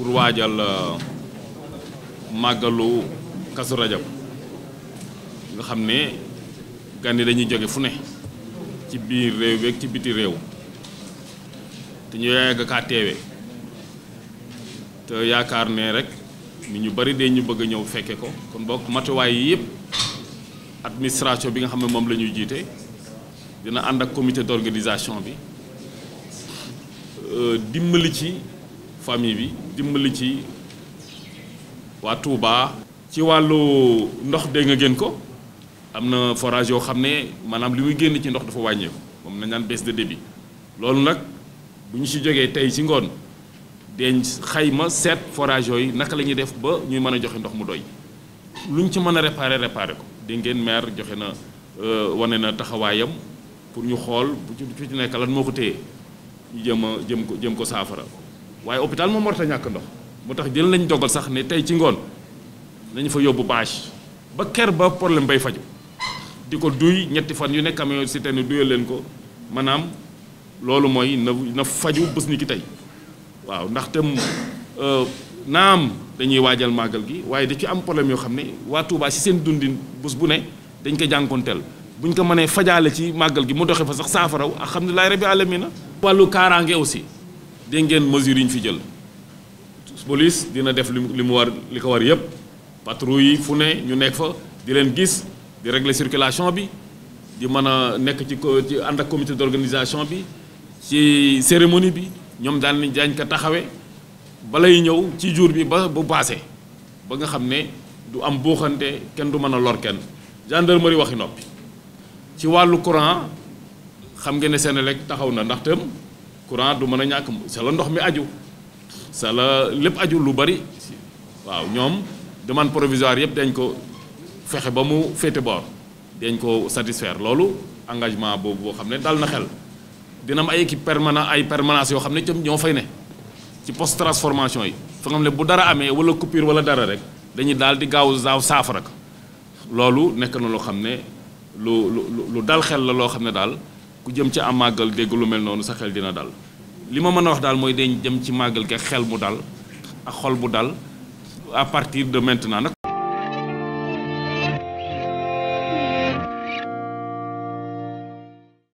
pour waajal euh, màggalu kasu rajab nga xam ne gan yi dañuy jóge fu ne ci biir réew beeg ci biti réew te ñu yàgg kaa teewe te yaakaar ne rek ni ñu bari dee ñu bëgg ñëw fekke ko kon bokk matuwaay yi yëpp administration bi nga xam ne moom la ñuy jiite dina ànd ak comité d'organisation bi euh, dimbali ci famille bi dimbali ci waa Touba. ci wàllu ndox dégg nga génn ko am na forage yoo xam ne maanaam li muy génn ci ndox dafa wàññeeku moom nañ naan baisse de débit loolu nag bu ñu si jógee tey ci ngoon deñ xayma seet forage yooyu naka la def ba ñuy mën a joxe ndox mu doy lu ñu ci mën a réparer réparer ko dégg ngeen maire joxe na euh, wane na taxawaayam pour ñu xool bu ci nekk lan moo ko téye ñu jëm a jëm ko jëm ko saafara. waaye hôpital moom warta ñàkk ndox moo tax jël nañ dogal sax ne tey ci ngoon nañu fa yóbbu bâche ba ker ba problème bay faju di ko duy ñetti fan yu nekk camion si te ne duyal leen ko maanaam loolu mooy na na faju bés ni ki tey waaw ndax tam euh, naam dañuy waajal màggal gi waaye da ci am problème yoo xam ne waa Touba si seen dundin bus bu ne dañ ko jànkonteel buñ ñu ko mënee fajaale ci màggal gi mu doxee fa sax saafaraw ak xam ne laay rabbi alamina wàllu kaaraange aussi dégg ngeen mesures yi ñu fi jël police dina def li mu war li ko war yëpp patrouille yi fu ne ñu nekk fa di leen gis di régler circulation bi di mën a nekk ci ci ànd ak comité d'organisation bi ci cérémonie bi ñoom daan nañ ko taxawee balay ñëw ci jur bi ba bu passé ba nga xam ne du am buuxante kenn du mën a lor kenn gendarmerie waxi noppi ci wàllu courant xam ngeen ne Senelec taxaw na ndax tam courant du mën a ñàkk sa la ndox mi aju sa la lépp aju lu bari waaw ñoom demand provisoire yëpp dañ ko fexe ba mu féete boor dañ ko satisfaire loolu engagement boobu boo xam ne dal na xel dina am ay équipe permanent ay permanence yoo xam ne ñoo fay ne ci poste transformation yi fa nga xam ne bu dara amee wala coupure wala dara rek dañuy daal di gaaw zaaw saafara loolu nekk na loo xam ne lu lu lu dal xel la loo xam ne daal ku jëm ci am màggal dégg lu mel noonu sa xel dina dal li ma mën a wax daal mooy dañ jëm ci màggal ga xel mu dal ak xol bu dal à partir de maintenant nag